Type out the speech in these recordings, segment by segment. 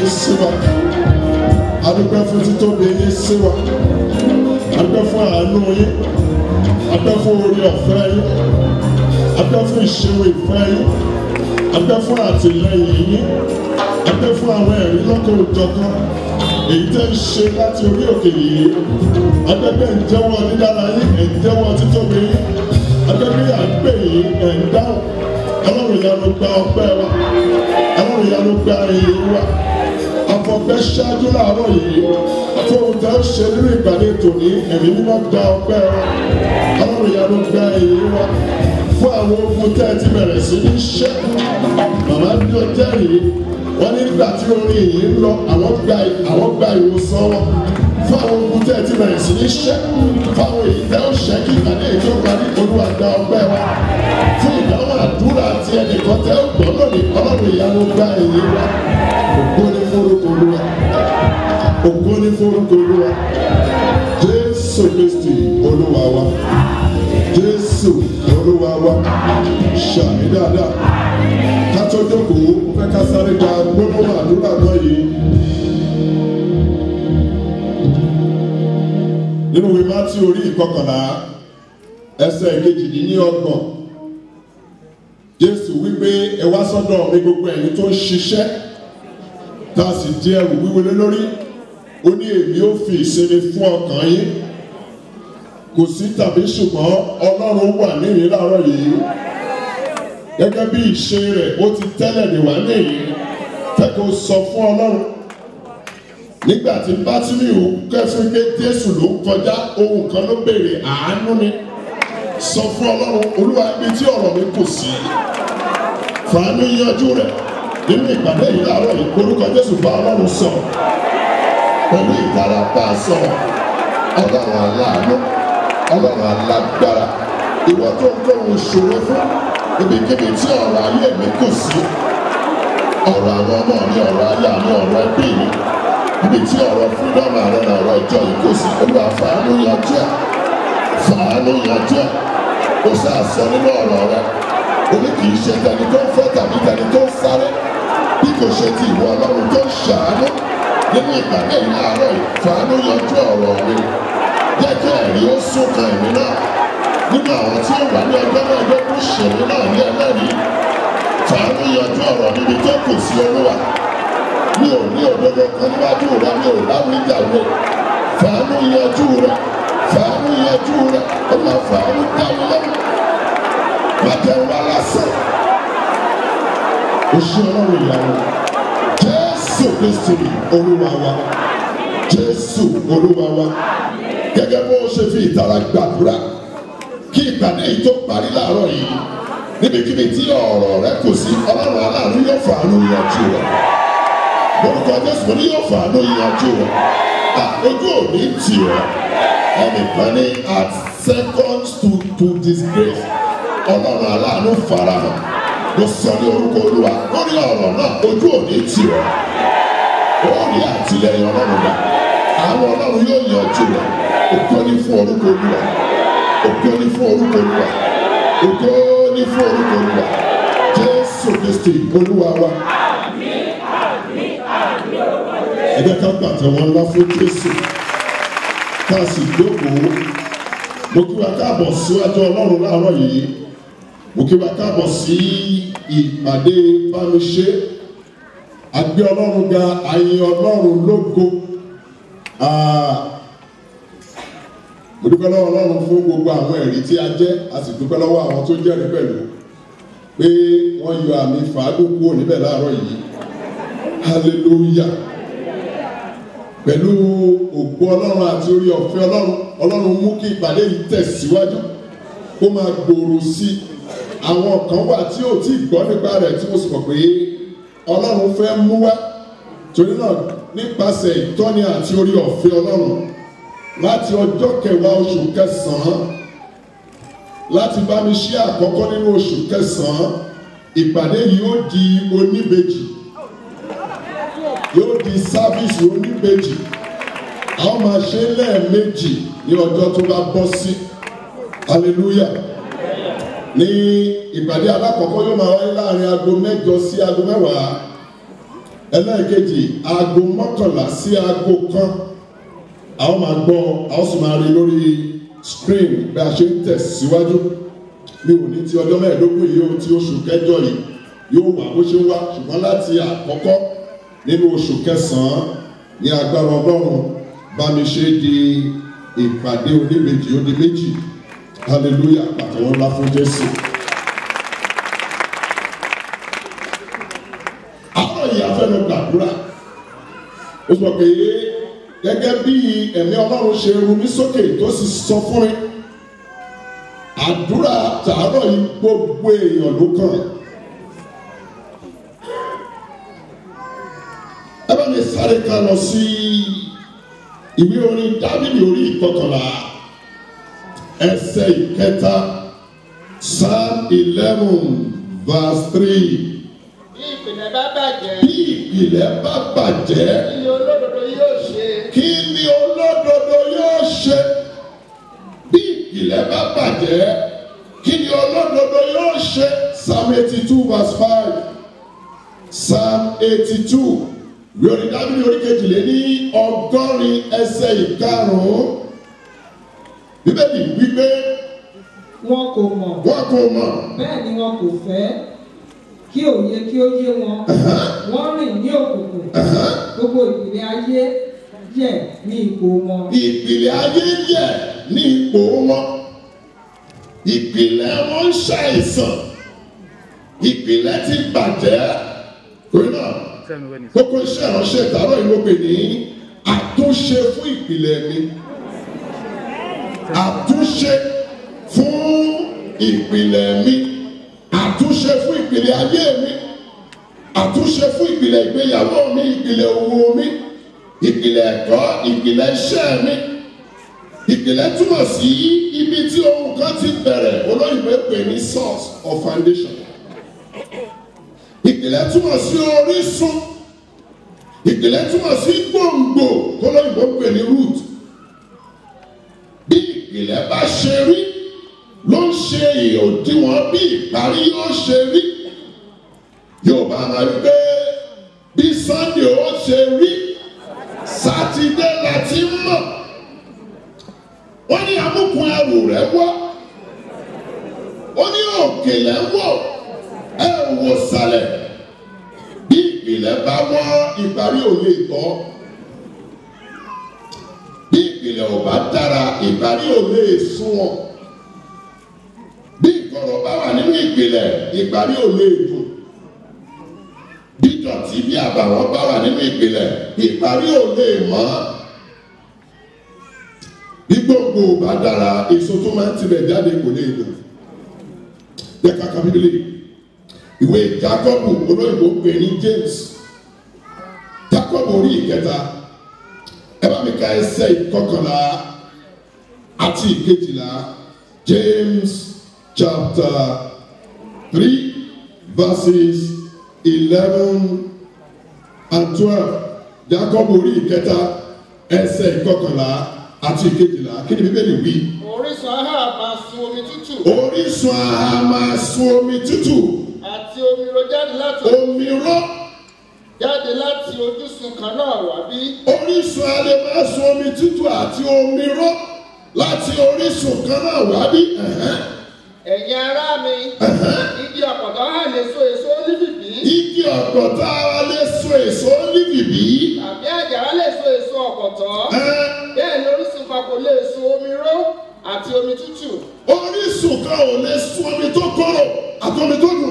yín sí wa adúpẹ́ fún títóbi yín sí wa adúpẹ́ fún àánú yín adúpẹ́ fún orí ọ̀fẹ́ yín adúpẹ́ fún ìṣèwé ìfẹ́ yín adúpẹ́ fún àtìlẹ́yìn yín adúpẹ́ fún àwọn ẹ̀rí lọ́kọ̀ òjọ̀kan èyí tẹ́ ń ṣe láti orí òkè yìí adúpẹ́ ń dídára yín ẹ̀ ń jẹ́wọ́ yín adúpẹ́ àgbẹ̀ yìí ẹ̀ ń dáhùn ọlọ́run gba ọpẹ́ wa ọlọ́run ìyanu gba ẹ̀yẹ wa mo fẹ́ ṣáájú láàárọ̀ yìí tó ń ṣe nínú ìgbàdé tòní ẹ̀mí mímọ́ gba ọpẹ́ wa ọlọ́run ìyanu gba èyí wa fún àwọn ogun tẹ́ ẹ ti bẹ̀rẹ̀ sí ní ṣẹ́kù màmá ní ọjọ́ yìí wọ́n nígbà tí orin yìí ń lọ àwọn gba ìwòsàn wọn fún àwọn ogun tẹ́ ẹ ti bẹ̀rẹ̀ sí ní ṣẹ́kù fún àwọn èyí tẹ́ ó ṣẹ́kì ìgbàdé ètò ìgbàdé olúwa gba ọpẹ́ wa fún ìdáhùn àdúrà àti ẹnìkan tẹ́ ó gbọ́ tolúwa ògo ní forúkọ kristi olúwa wa jésù olúwa wa ṣàmì dáadáa kátọ́jọ́kòó mo fẹ́ nínú ìwé orí ìkọkànlá ẹsẹ̀ ìkejìdínlọ́gbọ̀n jésù wípé ẹ wá sọ́dọ̀ mi tá a sì di ẹrù wíwo lé lórí ó ní èmi ó fi ìsinmi fún ọkàn yín kò sí tàbí ṣùgbọ́n ọlọ́run wà níyìn láàárọ̀ yìí gẹ́gẹ́ bí ìṣe rẹ̀ ó ti tẹ́lẹ̀ níwá níyìn tẹ́kọ̀ sọ fún ọlọ́run nígbà tí bátìmíù kẹfún pé jésù ló ń kọjá ohun kan ló béèrè àánú ni sọ fún ọlọ́run olúwa ibi tí ọ̀rọ̀ mi kù sí fàánú yanjú rẹ̀ nínú ìpàdé yìí láàárọ̀ yìí orúkọ Jésù bá Ọlọ́run sọ pẹ̀lú ìtara bá a sọ̀rọ̀ Ọlọ́run aláàánú Ọlọ́run alágbára ìwọ tó ń tó ń ṣòro fún ibikíbi tí ọ̀rọ̀ ayé mi kù sí ọ̀rọ̀ àwọn ọmọ mi ọ̀rọ̀ aya mi ọ̀rọ̀ ẹbí mi níbi tí ọ̀rọ̀ freedom àrẹ náà ọ̀rọ̀ ìjọ yìí kù sí olúwa fàánú yanjú ẹ̀ fàánú yanjú ẹ̀ ó ṣàṣọ nínú ọ̀rọ̀ rẹ̀ ó ní kì í ṣe tẹni tó ń fẹ́ tàbí tẹni sáré bí kò ṣe ti ìwọ ọlọ́run tó ń ṣàánú nínú ìpàdé ìlàárọ̀ ìfàánú yanjú ọ̀rọ̀ mi jẹ́ kí ẹ̀rí ó sún kan ẹ̀mí náà nínú àwọn tí ó wà ní ọjọ́ náà ló kún ṣèlú náà ní ẹlẹ́rìí fàánú yanjú ọ̀rọ̀ níbi tó kù sí olúwa mi ò ní òdodo kan níwájú rẹ mi ò láwọn ìjà rẹ yanjú rẹ fàánú yanjú rẹ ó máa fàánú dá mi oṣù ọlọ́run ìyàwó jésù kristu olúwa wa jésù olúwa wa gẹ́gẹ́ bó o ṣe fi ìtara gbàdúrà kí ìpàdé yìí tó parí láàárọ̀ yìí níbikíbi tí ọ̀rọ̀ rẹ kù sí ọlọ́run aláàánú yóò fàánú yanjú rẹ lórúkọ jésù ní yóò fàánú yanjú rẹ àkójú òní tì rẹ ẹnìkan ní at second to to disgrace ọlọ́run aláàánú farahàn mo sọ ní orúkọ olúwa lórí ọ̀rọ̀ náà ojú òní tì ọ́ àtìlẹyìn ọlọ́run náà àwọn ọlọ́run yóò yanjú rẹ̀ ògo ni fún orúkọ olúwa ògo ni fún orúkọ olúwa ògo ni fún orúkọ olúwa jésù kristi olúwa wa. ẹgbẹ́ ká gbàtẹ̀wọ́n ńlá fún jésù ká sì jókòó mo kí wa káàbọ̀ síwájú ọlọ́run láàárọ̀ yìí mo kí wa káàbọ̀ sí ìpàdé bámiṣe àgbẹ̀ ọlọ́run ga àyìn ọlọ́run lógo mo dúpẹ́ lọ́wọ́ ọlọ́run fún gbogbo àwọn ẹ̀rí tí a jẹ́ a sì dúpẹ́ lọ́wọ́ àwọn tó jẹ́rìí pẹ̀lú pé wọ́n yọ àmì fàádùn kúrò níbẹ̀ láàárọ̀ yìí hallelujah pẹ̀lú òkú ọlọ́run àti orí ọ̀fẹ́ ọlọ́run ọlọ́run mú kí ìpàdé yìí tẹ̀síwájú kó máa gbòòrò sí i àwọn kan wà tí ò tí gbọ́ nípa rẹ̀ tí mo sì mọ̀ pé ọlọ́run fẹ́ mú wá torí náà nípasẹ̀ ìtọ́ni àti orí ọ̀fẹ́ ọlọ́run láti ọjọ́ kẹwàá oṣù kẹsàn-án láti bá mi ṣe àkọ́kọ́ nínú oṣù kẹsàn-án ìpàdé yìí ó di oníbejì yóò di sáfíìsì oníbejì a ó máa ṣe lẹ́ẹ̀mejì ní ọjọ́ tó bá bọ́ sí hallelujah ní ìpàdé alákọ̀ọ́kọ́ yóò máa wáyé láàrin aago mẹ́jọ sí aago mẹ́wàá ẹlẹ́ẹ̀kejì aago mọ́kànlá sí aago kan a ó máa gbọ́ a ó sì máa rí lórí screen bí a ṣe ń tẹ̀síwájú mi ò ní ti ọjọ́ mẹ́ẹ̀ẹ́dógún yìí ó ti oṣù kẹjọ yìí yóò wà bó ṣe wá ṣùgbọ́n láti àkọ́kọ́ nínú oṣù kẹsàn-án ní agbára ọlọ́run bá mi ṣe di ìpàdé oníbejì ó di méjì hallelujah pàtẹ́wọ́ ńlá fún jésù. àwọn ìyá fẹ́nu gbàdúrà ó sọ pé gẹ́gẹ́ bí ẹ̀mí ọlọ́run ṣe ru mí sókè tó sì sọ fún mi àdúrà tàárọ̀ yìí gbogbo èèyàn ló kàn. ẹ bá mi sáré kan lọ sí ìwé orin dábìlì orí ìkọkànlá ẹsẹ̀ ìkẹta psalm eleven verse three. bí ìpìlẹ̀ bá bàjẹ́. bí ìpìlẹ̀ bá bàjẹ́. kí ni olódodo yóò ṣe. kí ni bí ìpìlẹ̀ bá bàjẹ́. kí ni olódodo yóò ṣe. psalm eighty two verse five. psalm eighty two. Yorùbá bí orí kejìléní ọgọ́rin ẹsẹ̀ ìkarùn-ún bíbélì wípé. wọn kò mọ̀. wọn kò mọ̀. bẹ́ẹ̀ ni wọn kò fẹ́ kí òye kí ó yé wọn wọ́n rìn ní òkùnkùn gbogbo ìpìlẹ̀ ayé yẹ̀ ní ipò wọn. ìpìlẹ̀ ayé yẹ̀ ní ipò wọn ìpìlẹ̀ wọn ń ṣàìsàn ìpìlẹ̀ ti bàjẹ́ torí náà kókó iṣẹ́ ìránṣẹ́ ìtàrọ̀ ìlópin ní àtúnṣe fún ìpìlẹ̀ mi àtúnṣe fún ìpìlẹ̀ mi àtúnṣe fún ìpìlẹ̀ ayé mi àtúnṣe fún ìpìlẹ̀ ìgbéyàwó mi ìpìlẹ̀ òwò mi ìpìlẹ̀ ẹ̀kọ́ ìpìlẹ̀ iṣẹ́ mi ìpìlẹ̀ túmọ̀ sí ibi tí ohun kan ti bẹ̀rẹ̀ olóyìnbó pè ní source or foundation ìpìlẹ̀ túmọ̀ sí orísun ìpìlẹ̀ túmọ̀ sí gbòǹgbò olóyìnbó pè ní root ìpìlẹ̀ bá ṣe rí ló ń ṣe ìhòdiwọ̀n bí ìparí yóò ṣe rí yorùbá máa rí pé bí sunday ó ṣe rí sátidé la ti ń mọ̀ wọ́n ní amúkun ẹrù rẹ̀ wọ́ ó ní òkèlè wọ̀ ẹ wò sàlẹ̀ bí ìpìlẹ̀ bá wọ́ ìparí ò tọ́ bí ìpìlẹ̀ ọba dára ìparí ò lè sún wọn bí ìkọ̀rọ̀ bá wà nínú ìpìlẹ̀ ìparí ò lè dùn bí ìdọ̀tí bí àbàwọ́n bá wà nínú ìpìlẹ̀ ìparí ò lè mọ́ bí gbogbo ọba dára èso tó máa ń tibẹ̀ jáde kò lè dùn jẹ́ ká Bíbélì ìwé Jákọ́bù olóyìnbó pè ní James Jákọ́bù orí ìkẹta mika ẹsẹ̀ ìkọkànlá àti ìkejìlá James chapter three verses eleven and twelve Jacob orí ìkẹta ẹsẹ̀ ìkọkànlá àti ìkejìlá kí ni bíbélì wí. orísun ahá máa sun omi tútù. orísun ahá máa sun omi tútù. àti omi rọ jáde láti. omi rọ jáde láti ojúsun kan náà wá bí. orísun alẹ́ máa sun omi tútù àti omi ró láti orísun kan náà wá bí. ẹ̀yin ará mi igi ọ̀pọ̀tọ́ á lè so èso ólífì bí. igi ọ̀pọ̀tọ́ á lè so èso ólífì bí. tàbí àjàrà lè so èso ọ̀pọ̀tọ́. bẹ́ẹ̀ ni orísun kan kò lè so omi ró àti omi tútù. orísun kan ò lè sun omi tó korò àti omi tó dùn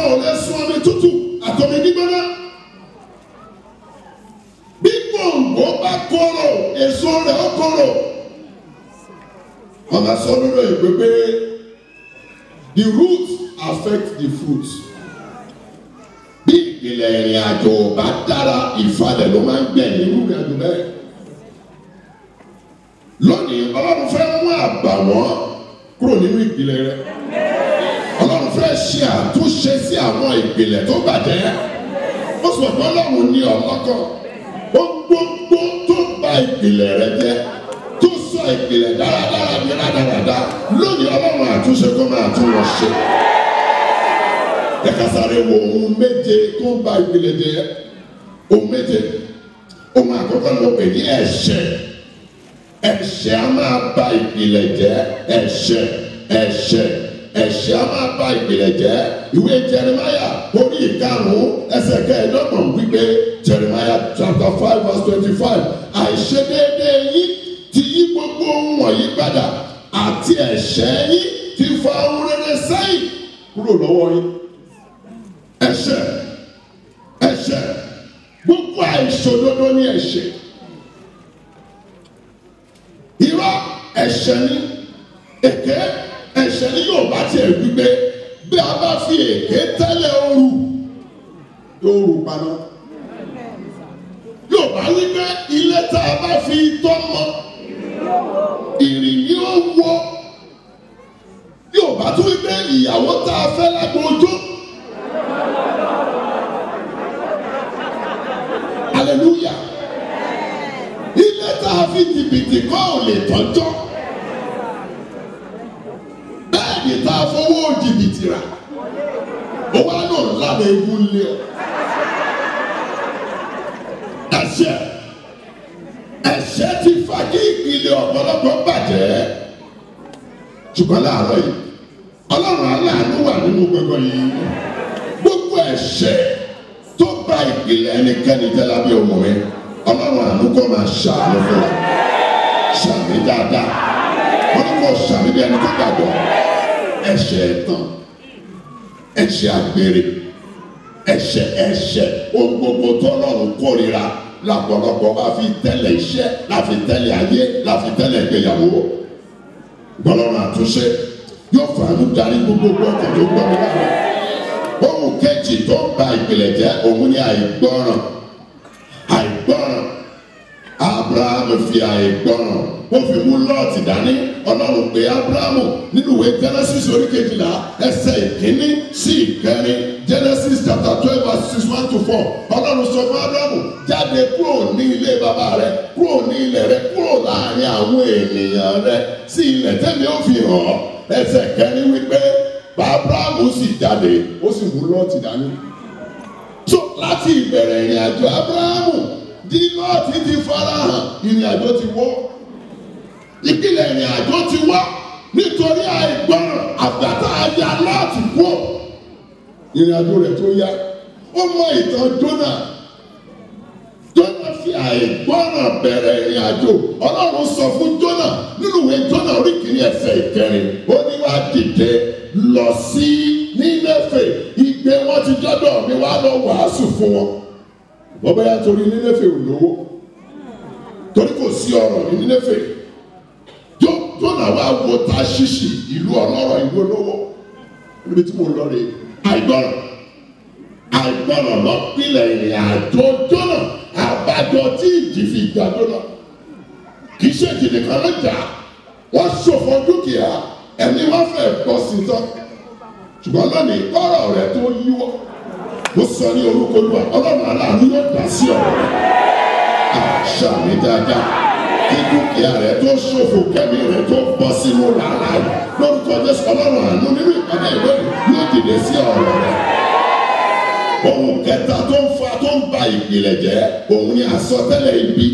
a ɔbɛso ame tutu atɔmi nigbana bí gbòǹgbò bá kọrọ èso rẹ ọkọrọ ọba sọ nínú ìwé pé the root affect the fruit bí ìpìlẹ̀ ìrìn àjò bá dára ìfalẹ̀ ló máa ń gbẹ̀yìn irú ìrìn àjò bẹ́ẹ̀ lónìí ọlọ́run fẹ́ mú àbàwọ́n kúrò nínú ìpìlẹ̀ rẹ̀ ṣe àtúnṣe sí àwọn ìpìlẹ̀ tó bàjẹ́ ó sọ pé ọlọ́run ní ọlọ́kàn ó gbogbo tó bà ìpìlẹ̀ rẹ jẹ́ tó sọ ìpìlẹ̀ dáradára ní rádaràda lónìí ọlọ́run àtúnṣe kó máa tún wọn ṣe. ẹ ká sáré wo ohun méje tó bà ìpìlẹ̀ jẹ́ ohun méje ohun àkọ́kọ́ ló pè ní ẹ̀ṣẹ̀ ẹ̀ṣẹ̀ á máa bà ìpìlẹ̀ jẹ́ ẹ̀ṣẹ̀ ẹ̀ṣẹ̀ ẹ̀ṣẹ̀ a máa ba ìpìlẹ̀ jẹ́ ìwé Jeremaya orí ìkarùn-ún ẹsẹ̀ kẹẹ̀ẹ́dọ́gbọ̀n wípé Jeremaya chapter five verse twenty-five àìṣedéédéé yín ti yí gbogbo ohun wọ̀nyí padà àti ẹ̀ṣẹ̀ yín ti fa ohun rere sẹ́yìn kúrò lọ́wọ́ yín ẹ̀ṣẹ̀ ẹ̀ṣẹ̀ gbogbo àìṣòdodo ni ẹ̀ṣẹ̀ irọ́ ẹ̀ṣẹ̀ ni èké ẹ̀ṣẹ̀ ní yóò bá tiẹ̀ gbígbé bí a bá fi èké tẹ́lẹ̀ ooru yóò rù paná. yóò bá wí pé ilé tá a bá fi tọ́ mọ́ ìrì ni ó wọ́ yóò bá tún wí pé ìyàwó tá a fẹ́ lágbo ojú. hallelujah ilé tá a fi tìbìtì kọ́ ò lè tọ́jọ́. ẹ̀ṣẹ̀ ẹ̀ṣẹ̀ ti fa kí ìpìlẹ̀ ọ̀pọ̀lọpọ̀ bàjẹ́ ṣùgbọ́n láàárọ̀ yìí ọlọ́run aláàánú wà nínú gbogbo yìí gbogbo ẹ̀ṣẹ̀ tó ba ìpìlẹ̀ ẹnikẹ́ni jẹ́ lábẹ́ ọmọ rẹ ọlọ́run àánú kọ́ máa ṣàánú fún wa ṣàmì dáadáa wọ́n kọ́ ṣàmì bí ẹni tó gbàgbọ́ ẹ̀ṣẹ̀ ẹ̀tàn ẹ̀ṣẹ̀ àgbèrè ẹ̀ṣẹ̀ ẹ̀ṣẹ̀ ohun gbogbo tọ́lọ́run kórìíra làpọ̀lọpọ̀ máa fi tẹ́lẹ̀ iṣẹ́ láfi tẹ́lẹ̀ ayé láfi tẹ́lẹ̀ ìgbéyàwó gbọ́lọ́run àtúnṣe yóò fàánú darí gbogbo ọkàn tó gbọ́ mi lára ohun kejì tó ń ba ìpìlẹ̀ jẹ́ òun ni àìgbọ́ràn abrahamu fi àìgbọràn ó fi mú lọ́ọ̀tì dání ọlọ́run pé abrahamu nínú ìwé genesis orí kejìlá ẹsẹ̀ ìkíní sí ìkẹrin genesis chapter twelve verse six one to four ọlọ́run sọ fún abrahamu jáde kúrò ní ilé bàbá rẹ kúrò ní ilẹ̀ rẹ kúrò láàrin àwọn ènìyàn rẹ sí ilẹ̀ tẹ́mi ó fi hàn ọ́ ẹsẹ̀ kẹrin wípé abrahamu sì jáde ó sì mú lọ́ọ̀tì dání so láti ìbẹ̀rẹ̀ ìrìn àjò abrahamu dínọ́ọ̀tì ti farahàn ìrìn àjò ti wọ́ ìpìlẹ̀ ìrìn àjò ti wọ́ nítorí àìgbọràn àgbàtà àjà lọ́ọ̀tì kú ìrìn àjò rẹ̀ tó yá ó mọ ìtàn Jónà Jónà fi àìgbọràn bẹ̀rẹ̀ ìrìn àjò Ọlọ́run sọ fún Jónà nínú ìwé Jónà orí kìíní ẹsẹ̀ ìkẹrin ó ní wàá dìde lọ sí Nínéfè ìgbé wọn ti dọ́dọ̀ mi wàá lọ wàásù fún wọn wọ́n bá yà torí nínéfè olówó torí kò sí ọ̀rọ̀ ní nínéfè jóná wá wo ta ṣíṣì ìlú ọlọ́rọ̀ ìlú olówó níbi tí mo lọ rè àìgbọràn àìgbọràn lọ pínlẹ̀ ìrìn àjò jóná àbájọ tí ìjì fi gbà jóná kì í ṣe ìjìnlẹ kan ló jà wọ́n ṣòfò dúkìá ẹni wọ́n fẹ́ẹ̀ gbọ́ sí tán ṣùgbọ́n lónìí kọ́rọ̀ rẹ̀ tó yíwọ́ ó sọ ní orúkọ olúwa ọlọ́run aláàánú yóò dá sí ọ̀rọ̀ àṣà mi dáadáa kí dúkìá rẹ tó ṣòfò kẹ́mi rẹ tó bọ́ sínú rárá lórúkọ jésù ọlọ́run àánú nínú ìpàdé ìwé yóò dìde sí ọ̀rọ̀ rẹ ohun kẹta tó ń fa tó ń ba ìpìlẹ̀ jẹ́ òun ni àsọtẹ́lẹ̀ ibi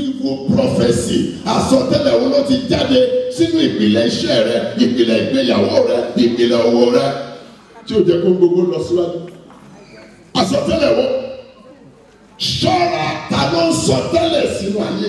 evil prophesy àsọtẹ́lẹ̀ òun ló ti jáde sínú ìpìlẹ̀ iṣẹ́ rẹ ìpìlẹ̀ ìgbéyàwó rẹ ìpìlẹ̀ owó rẹ tí ó jẹ́ kó gbogbo lọ síwájú àsọtẹ́lẹ̀ wo ṣọ́ra ta ló ń sọtẹ́lẹ̀ sínú ayé.